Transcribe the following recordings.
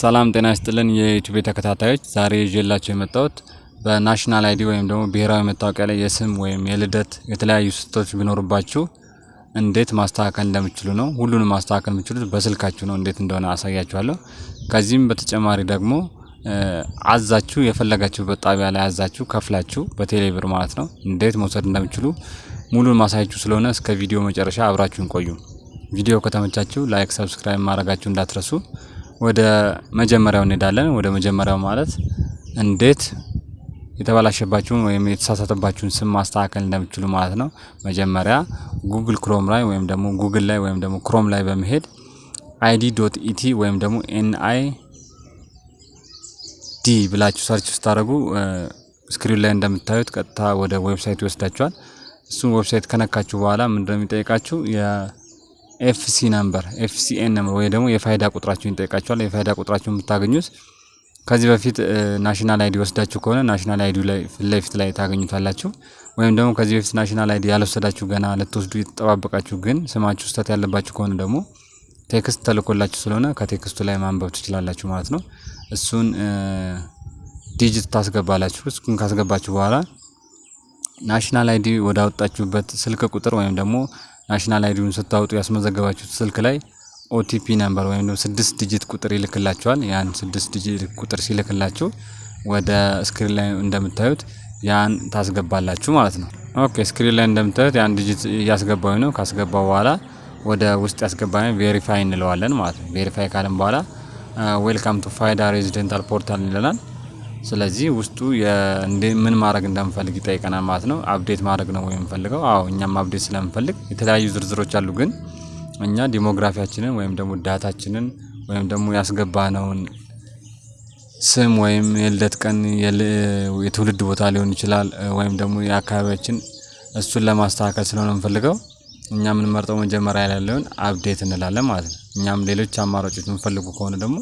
ሰላም ጤና ይስጥልን የዩቲዩብ ተከታታዮች፣ ዛሬ ይዤላችሁ የመጣሁት በናሽናል አይዲ ወይም ደግሞ ብሔራዊ መታወቂያ ላይ የስም ወይም የልደት የተለያዩ ስህተቶች ቢኖርባችሁ እንዴት ማስተካከል እንደምችሉ ነው። ሁሉንም ማስተካከል የምችሉት በስልካችሁ ነው፣ እንዴት እንደሆነ አሳያችኋለሁ። ከዚህም በተጨማሪ ደግሞ አዛችሁ የፈለጋችሁበት ጣቢያ ላይ አዛችሁ ከፍላችሁ በቴሌብር ማለት ነው እንዴት መውሰድ እንደምችሉ ሙሉን ማሳያችሁ ስለሆነ እስከ ቪዲዮ መጨረሻ አብራችሁን ቆዩ። ቪዲዮ ከተመቻችሁ ላይክ፣ ሰብስክራይብ ማድረጋችሁ እንዳትረሱ። ወደ መጀመሪያው እንሄዳለን። ወደ መጀመሪያው ማለት እንዴት የተበላሸባችሁን ወይም የተሳሳተባችሁን ስም ማስተካከል እንደምችሉ ማለት ነው። መጀመሪያ ጉግል ክሮም ላይ ወይም ደግሞ ጉግል ላይ ወይም ደግሞ ክሮም ላይ በመሄድ አይዲ ዶት ኢቲ ወይም ደግሞ ኤንአይ ዲ ብላችሁ ሰርች ስታደርጉ ስክሪን ላይ እንደምታዩት ቀጥታ ወደ ዌብሳይት ይወስዳችኋል። እሱን ዌብሳይት ከነካችሁ በኋላ ምንድነው የሚጠይቃችሁ? ኤፍሲ ነምበር ኤፍሲኤን ነምበር ወይ ደግሞ የፋይዳ ቁጥራችሁን ይጠይቃችኋል። የፋይዳ ቁጥራችሁን የምታገኙት ከዚህ በፊት ናሽናል አይዲ ወስዳችሁ ከሆነ ናሽናል አይዲ ፊት ለፊት ላይ ታገኙታላችሁ። ወይም ደግሞ ከዚህ በፊት ናሽናል አይዲ ያልወሰዳችሁ ገና ልትወስዱ የተጠባበቃችሁ ግን ስማችሁ ስህተት ያለባችሁ ከሆነ ደግሞ ቴክስት ተልኮላችሁ ስለሆነ ከቴክስቱ ላይ ማንበብ ትችላላችሁ ማለት ነው። እሱን ዲጂት ታስገባላችሁ። እሱን ካስገባችሁ በኋላ ናሽናል አይዲ ወዳወጣችሁበት ስልክ ቁጥር ወይም ደግሞ ናሽናል አይዲውን ስታወጡ ያስመዘገባችሁት ስልክ ላይ ኦቲፒ ነምበር ወይም ደግሞ ስድስት ዲጂት ቁጥር ይልክላችኋል። ያን ስድስት ዲጂት ቁጥር ሲልክላችሁ ወደ ስክሪን ላይ እንደምታዩት ያን ታስገባላችሁ ማለት ነው። ኦኬ ስክሪን ላይ እንደምታዩት ያን ዲጂት እያስገባዊ ነው። ካስገባ በኋላ ወደ ውስጥ ያስገባ ቬሪፋይ እንለዋለን ማለት ነው። ቬሪፋይ ካለን በኋላ ዌልካም ቱ ፋይዳ ሬዚደንታል ፖርታል ይለናል። ስለዚህ ውስጡ ምን ማድረግ እንደምፈልግ ይጠይቀናል ማለት ነው። አብዴት ማድረግ ነው የምፈልገው። አዎ እኛም አብዴት ስለምፈልግ የተለያዩ ዝርዝሮች አሉ። ግን እኛ ዲሞግራፊያችንን ወይም ደግሞ ዳታችንን ወይም ደግሞ ያስገባነውን ስም ወይም የልደት ቀን የትውልድ ቦታ ሊሆን ይችላል፣ ወይም ደግሞ የአካባቢያችን እሱን ለማስተካከል ስለሆነ የምፈልገው እኛ የምንመርጠው መጀመሪያ ያለውን አብዴት እንላለን ማለት ነው። እኛም ሌሎች አማራጮች የምፈልጉ ከሆነ ደግሞ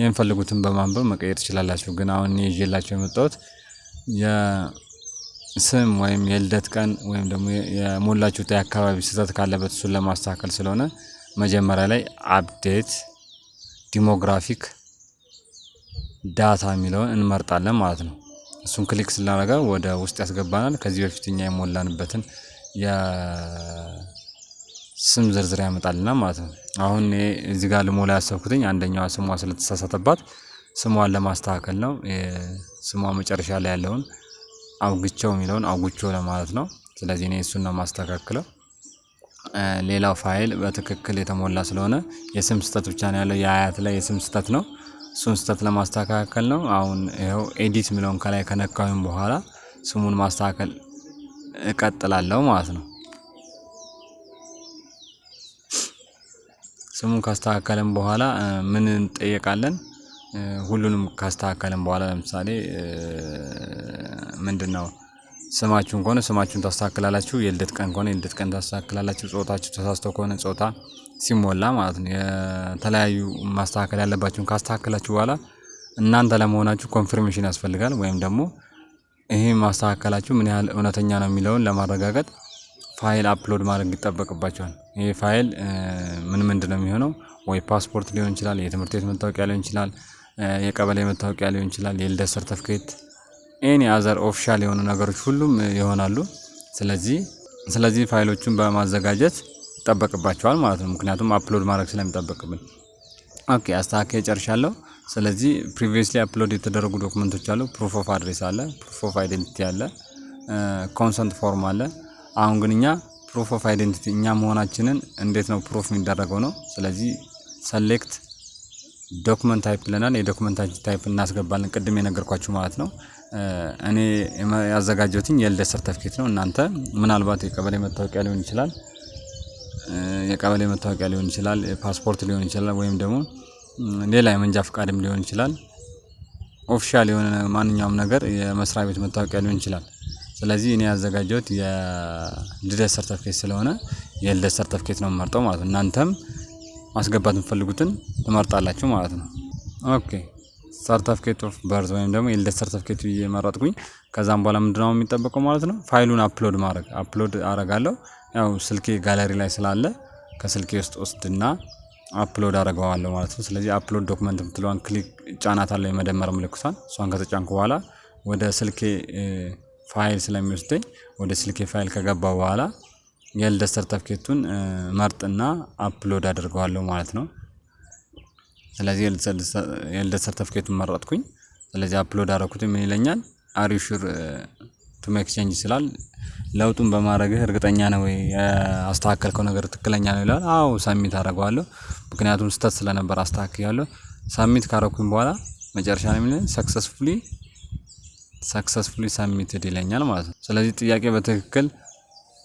የሚፈልጉትን በማንበብ መቀየር ትችላላችሁ። ግን አሁን እኔ ይዤላችሁ የመጣሁት የስም ወይም የልደት ቀን ወይም ደግሞ የሞላችሁት አካባቢ ስህተት ካለበት እሱን ለማስተካከል ስለሆነ መጀመሪያ ላይ አፕዴት ዲሞግራፊክ ዳታ የሚለውን እንመርጣለን ማለት ነው። እሱን ክሊክ ስናደረገ ወደ ውስጥ ያስገባናል። ከዚህ በፊት እኛ የሞላንበትን የስም ዝርዝር ያመጣልና ማለት ነው። አሁን እዚህ ጋር ልሞላ ያሰብኩትኝ አንደኛዋ ስሟ ስለተሳሳተባት ስሟን ለማስተካከል ነው። ስሟ መጨረሻ ላይ ያለውን አውግቸው የሚለውን አውጉቾ ለማለት ነው። ስለዚህ እኔ እሱን ነው ማስተካከለው። ሌላው ፋይል በትክክል የተሞላ ስለሆነ የስም ስህተት ብቻ ነው ያለው። የአያት ላይ የስም ስህተት ነው። እሱን ስህተት ለማስተካከል ነው። አሁን ይኸው ኤዲት የሚለውን ከላይ ከነካሁኝ በኋላ ስሙን ማስተካከል እቀጥላለሁ ማለት ነው። ስሙን ካስተካከለን በኋላ ምን እንጠየቃለን? ሁሉንም ካስተካከለን በኋላ ለምሳሌ ምንድነው? ስማችሁን ከሆነ ስማችሁን ታስተካክላላችሁ። የልደት ቀን ከሆነ የልደት ቀን ታስተካክላላችሁ። ጾታችሁ ተሳስቶ ከሆነ ጾታ ሲሞላ ማለት ነው። የተለያዩ ማስተካከል ያለባችሁን ካስተካከላችሁ በኋላ እናንተ ለመሆናችሁ ኮንፊርሜሽን ያስፈልጋል። ወይም ደግሞ ይሄ ማስተካከላችሁ ምን ያህል እውነተኛ ነው የሚለውን ለማረጋገጥ ፋይል አፕሎድ ማድረግ ይጠበቅባቸዋል። ይሄ ፋይል ምን ምንድን ነው የሚሆነው? ወይ ፓስፖርት ሊሆን ይችላል፣ የትምህርት ቤት መታወቂያ ሊሆን ይችላል፣ የቀበሌ መታወቂያ ሊሆን ይችላል፣ የልደት ሰርተፍኬት ኤኒ አዘር ኦፊሻል የሆኑ ነገሮች ሁሉም ይሆናሉ። ስለዚህ ስለዚህ ፋይሎቹን በማዘጋጀት ይጠበቅባቸዋል ማለት ነው። ምክንያቱም አፕሎድ ማድረግ ስለሚጠበቅብን። ኦኬ አስተካካይ ጨርሻለሁ። ስለዚህ ፕሪቪየስሊ አፕሎድ የተደረጉ ዶክመንቶች አሉ። ፕሩፍ ኦፍ አድሬስ አለ፣ ፕሩፍ ኦፍ አይደንቲቲ አለ፣ ኮንሰንት ፎርም አለ። አሁን ግን እኛ ፕሩፍ ኦፍ አይደንቲቲ እኛ መሆናችንን እንዴት ነው ፕሩፍ የሚደረገው ነው። ስለዚህ ሰሌክት ዶክመንት ታይፕ ብለናል። የዶክመንት ታይፕ እናስገባለን፣ ቅድም የነገርኳችሁ ማለት ነው። እኔ ያዘጋጀሁትኝ የልደት ሰርተፍኬት ነው። እናንተ ምናልባት የቀበሌ መታወቂያ ሊሆን ይችላል፣ የቀበሌ መታወቂያ ሊሆን ይችላል፣ ፓስፖርት ሊሆን ይችላል፣ ወይም ደግሞ ሌላ የመንጃ ፈቃድም ሊሆን ይችላል። ኦፊሻል የሆነ ማንኛውም ነገር የመስሪያ ቤት መታወቂያ ሊሆን ይችላል። ስለዚህ እኔ ያዘጋጀሁት የልደት ሰርተፍኬት ስለሆነ የልደት ሰርተፍኬት ነው የምመርጠው ማለት ነው። እናንተም ማስገባት የምፈልጉትን ትመርጣላችሁ ማለት ነው። ኦኬ ሰርተፍኬት ኦፍ በርት ወይም ደግሞ የልደት ሰርተፍኬት እየመረጥኩኝ ከዛም በኋላ ምንድነው የሚጠበቀው ማለት ነው? ፋይሉን አፕሎድ ማድረግ አፕሎድ አረጋለሁ። ያው ስልኬ ጋለሪ ላይ ስላለ ከስልኬ ውስጥ ወስድና አፕሎድ አረገዋለሁ ማለት ነው። ስለዚህ አፕሎድ ዶክመንት የምትለዋን ክሊክ ጫናት አለው የመደመር ምልክቷን። እሷን ከተጫንኩ በኋላ ወደ ስልኬ ፋይል ስለሚወስደኝ ወደ ስልኬ ፋይል ከገባ በኋላ የልደት ሰርተፍኬቱን መርጥና አፕሎድ አድርገዋለሁ ማለት ነው። ስለዚህ የልደት ሰርተፍኬቱን መረጥኩኝ። ስለዚህ አፕሎድ አረኩት። ምን ይለኛል? አር ዩ ሹር ቱ ሜክ ቼንጅ ይላል። ለውጡን በማድረግህ እርግጠኛ ነው ወይ? አስተካከልከው ነገር ትክክለኛ ነው ይላል። አዎ ሳሚት አደርገዋለሁ። ምክንያቱም ስህተት ስለነበር አስተካክያለሁ። ሳሚት ካረኩኝ በኋላ መጨረሻ ነው ምን ሰክሰስፉሊ ሰክሰስፉሊ ሰሚትድ ይለኛል ማለት ነው። ስለዚህ ጥያቄ በትክክል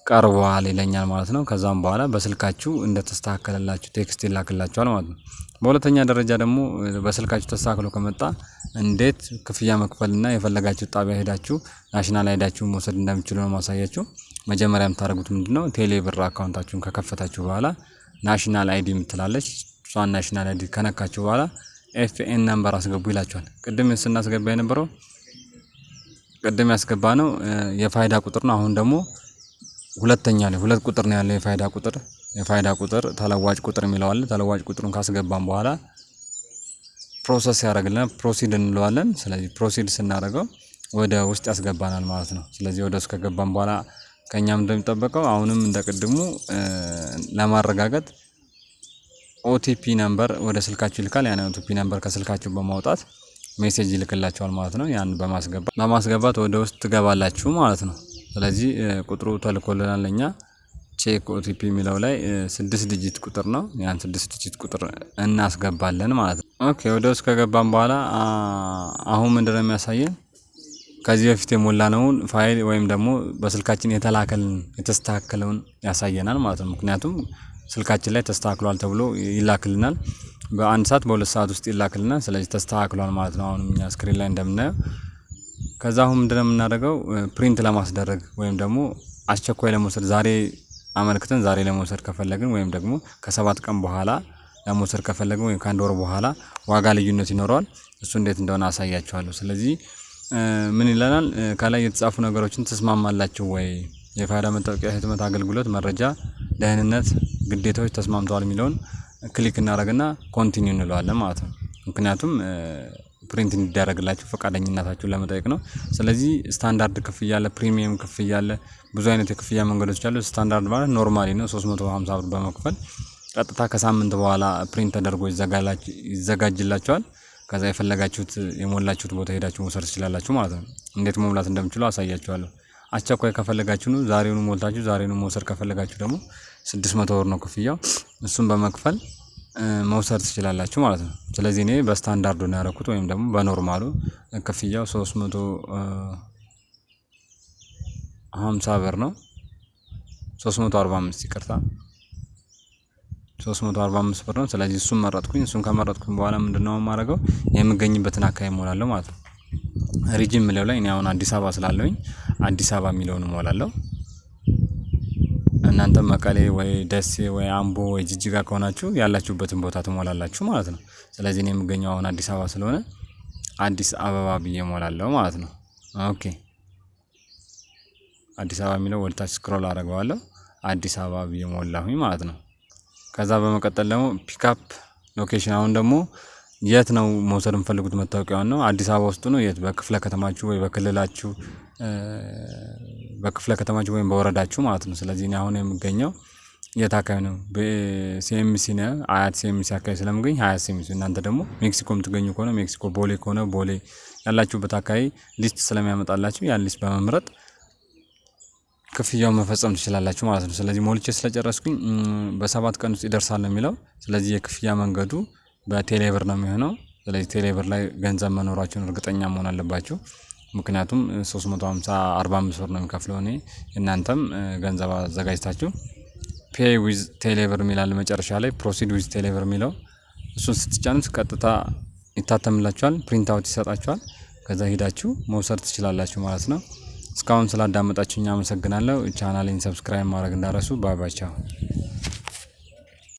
ቀርቧል ይለኛል ማለት ነው። ከዛም በኋላ በስልካችሁ እንደተስተካከለላችሁ ቴክስት ይላክላችኋል ማለት ነው። በሁለተኛ ደረጃ ደግሞ በስልካችሁ ተስተካክሎ ከመጣ እንዴት ክፍያ መክፈልና የፈለጋችሁ ጣቢያ ሄዳችሁ ናሽናል አይዳችሁ መውሰድ እንደምችሉ ነው ማሳያችሁ። መጀመሪያ የምታደርጉት ምንድነው ቴሌ ብር አካውንታችሁን ከከፈታችሁ በኋላ ናሽናል አይዲ የምትላለች እሷን ናሽናል አይዲ ከነካችሁ በኋላ ኤፍኤን ነምበር አስገቡ ይላችኋል። ቅድም ስናስገባ የነበረው ቅድም ያስገባ ነው የፋይዳ ቁጥር ነው። አሁን ደግሞ ሁለተኛ ላይ ሁለት ቁጥር ነው ያለው የፋይዳ ቁጥር የፋይዳ ቁጥር ተለዋጭ ቁጥር የሚለዋለን ተለዋጭ ቁጥሩን ካስገባን በኋላ ፕሮሰስ ያደርግልናል። ፕሮሲድ እንለዋለን። ስለዚህ ፕሮሲድ ስናደርገው ወደ ውስጥ ያስገባናል ማለት ነው። ስለዚህ ወደ ውስጥ ከገባን በኋላ ከእኛም እንደሚጠበቀው አሁንም እንደ ቅድሙ ለማረጋገጥ ኦቲፒ ነምበር ወደ ስልካችሁ ይልካል። ያን ኦቲፒ ነምበር ከስልካችሁ በማውጣት ሜሴጅ ይልክላቸዋል ማለት ነው። ያን በማስገባት በማስገባት ወደ ውስጥ ትገባላችሁ ማለት ነው። ስለዚህ ቁጥሩ ተልኮልናል እኛ ቼክ ኦቲፒ የሚለው ላይ ስድስት ዲጂት ቁጥር ነው። ያን ስድስት ዲጂት ቁጥር እናስገባለን ማለት ነው። ኦኬ ወደ ውስጥ ከገባን በኋላ አሁን ምንድነው የሚያሳየን? ከዚህ በፊት የሞላነውን ፋይል ወይም ደግሞ በስልካችን የተላከልን የተስተካከለውን ያሳየናል ማለት ነው። ምክንያቱም ስልካችን ላይ ተስተካክሏል ተብሎ ይላክልናል። በአንድ ሰዓት በሁለት ሰዓት ውስጥ ይላክልና ስለዚህ ተስተካክሏል ማለት ነው። አሁንም እኛ ስክሪን ላይ እንደምናየው ከዛ አሁን ምንድነው የምናደርገው ፕሪንት ለማስደረግ ወይም ደግሞ አስቸኳይ ለመውሰድ ዛሬ አመልክተን ዛሬ ለመውሰድ ከፈለግን ወይም ደግሞ ከሰባት ቀን በኋላ ለመውሰድ ከፈለግን ወይም ከአንድ ወር በኋላ ዋጋ ልዩነት ይኖረዋል። እሱ እንዴት እንደሆነ አሳያችኋለሁ። ስለዚህ ምን ይለናል ከላይ የተጻፉ ነገሮችን ተስማማላችሁ ወይ የፋይዳ መታወቂያ ህትመት አገልግሎት መረጃ፣ ደህንነት፣ ግዴታዎች ተስማምተዋል የሚለውን ክሊክ እናደረግና ኮንቲኒ እንለዋለን ማለት ነው። ምክንያቱም ፕሪንት እንዲደረግላችሁ ፈቃደኝነታችሁ ለመጠየቅ ነው። ስለዚህ ስታንዳርድ ክፍያ አለ፣ ፕሪሚየም ክፍያ አለ፣ ብዙ አይነት የክፍያ መንገዶች አሉ። ስታንዳርድ ማለት ኖርማሊ ነው፣ 350 ብር በመክፈል ቀጥታ ከሳምንት በኋላ ፕሪንት ተደርጎ ይዘጋጅላቸዋል ከዛ የፈለጋችሁት የሞላችሁት ቦታ ሄዳችሁ መውሰድ ትችላላችሁ ማለት ነው። እንዴት መሙላት እንደምችለው አሳያችኋለሁ። አስቸኳይ ከፈለጋችሁ ዛሬውኑ ሞልታችሁ ዛሬውኑ መውሰድ ከፈለጋችሁ ደግሞ ስድስት መቶ ብር ነው ክፍያው። እሱን በመክፈል መውሰድ ትችላላችሁ ማለት ነው። ስለዚህ እኔ በስታንዳርዱ ነው ያደረኩት ወይም ደግሞ በኖርማሉ ክፍያው ሶስት መቶ ሀምሳ ብር ነው። ሶስት መቶ አርባ አምስት ይቅርታ፣ ሶስት መቶ አርባ አምስት ብር ነው። ስለዚህ እሱን መረጥኩኝ። እሱን ከመረጥኩኝ በኋላ ምንድነው ነው የማደርገው የምገኝበትን አካባቢ እሞላለሁ ማለት ነው። ሪጅን ምለው ላይ እኔ አሁን አዲስ አበባ ስላለውኝ አዲስ አበባ የሚለውን እሞላለሁ። መቀሌ ወይ ደሴ ወይ አምቦ ወይ ጅጅጋ ከሆናችሁ ያላችሁበትን ቦታ ትሞላላችሁ ማለት ነው። ስለዚህ እኔ የምገኘው አሁን አዲስ አበባ ስለሆነ አዲስ አበባ ብዬ ሞላለሁ ማለት ነው። ኦኬ አዲስ አበባ የሚለው ወደታች ስክሮል አደርገዋለሁ። አዲስ አበባ ብዬ ሞላሁኝ ማለት ነው። ከዛ በመቀጠል ደግሞ ፒካፕ ሎኬሽን፣ አሁን ደግሞ የት ነው መውሰድ የምፈልጉት መታወቂያውን ነው። አዲስ አበባ ውስጥ ነው የት በክፍለ ከተማችሁ ወይ በክልላችሁ በክፍለ ከተማች ወይም በወረዳችሁ ማለት ነው። ስለዚህ እኔ አሁን የምገኘው የት አካባቢ ነው? ሲኤምሲ ነ አያት ሲኤምሲ አካባቢ ስለምገኝ አያት ሲኤምሲ። እናንተ ደግሞ ሜክሲኮ የምትገኙ ከሆነ ሜክሲኮ፣ ቦሌ ከሆነ ቦሌ ያላችሁበት አካባቢ ሊስት ስለሚያመጣላችሁ ያን ሊስት በመምረጥ ክፍያውን መፈጸም ትችላላችሁ ማለት ነው። ስለዚህ ሞልቼ ስለጨረስኩኝ በሰባት ቀን ውስጥ ይደርሳል የሚለው። ስለዚህ የክፍያ መንገዱ በቴሌብር ነው የሚሆነው። ስለዚህ ቴሌብር ላይ ገንዘብ መኖራችሁን እርግጠኛ መሆን አለባችሁ። ምክንያቱም 350 45 ብር ነው የሚከፍለው እኔ እናንተም ገንዘብ አዘጋጅታችሁ ፔይ ዊዝ ቴሌብር የሚላል መጨረሻ ላይ ፕሮሲድ ዊዝ ቴሌብር የሚለው እሱን ስትጫኑት ቀጥታ ይታተምላችኋል፣ ፕሪንት አውት ይሰጣችኋል። ከዛ ሄዳችሁ መውሰድ ትችላላችሁ ማለት ነው። እስካሁን ስላዳመጣችሁኝ አመሰግናለሁ። ቻናሌን ሰብስክራይብ ማድረግ እንዳረሱ ባባቻው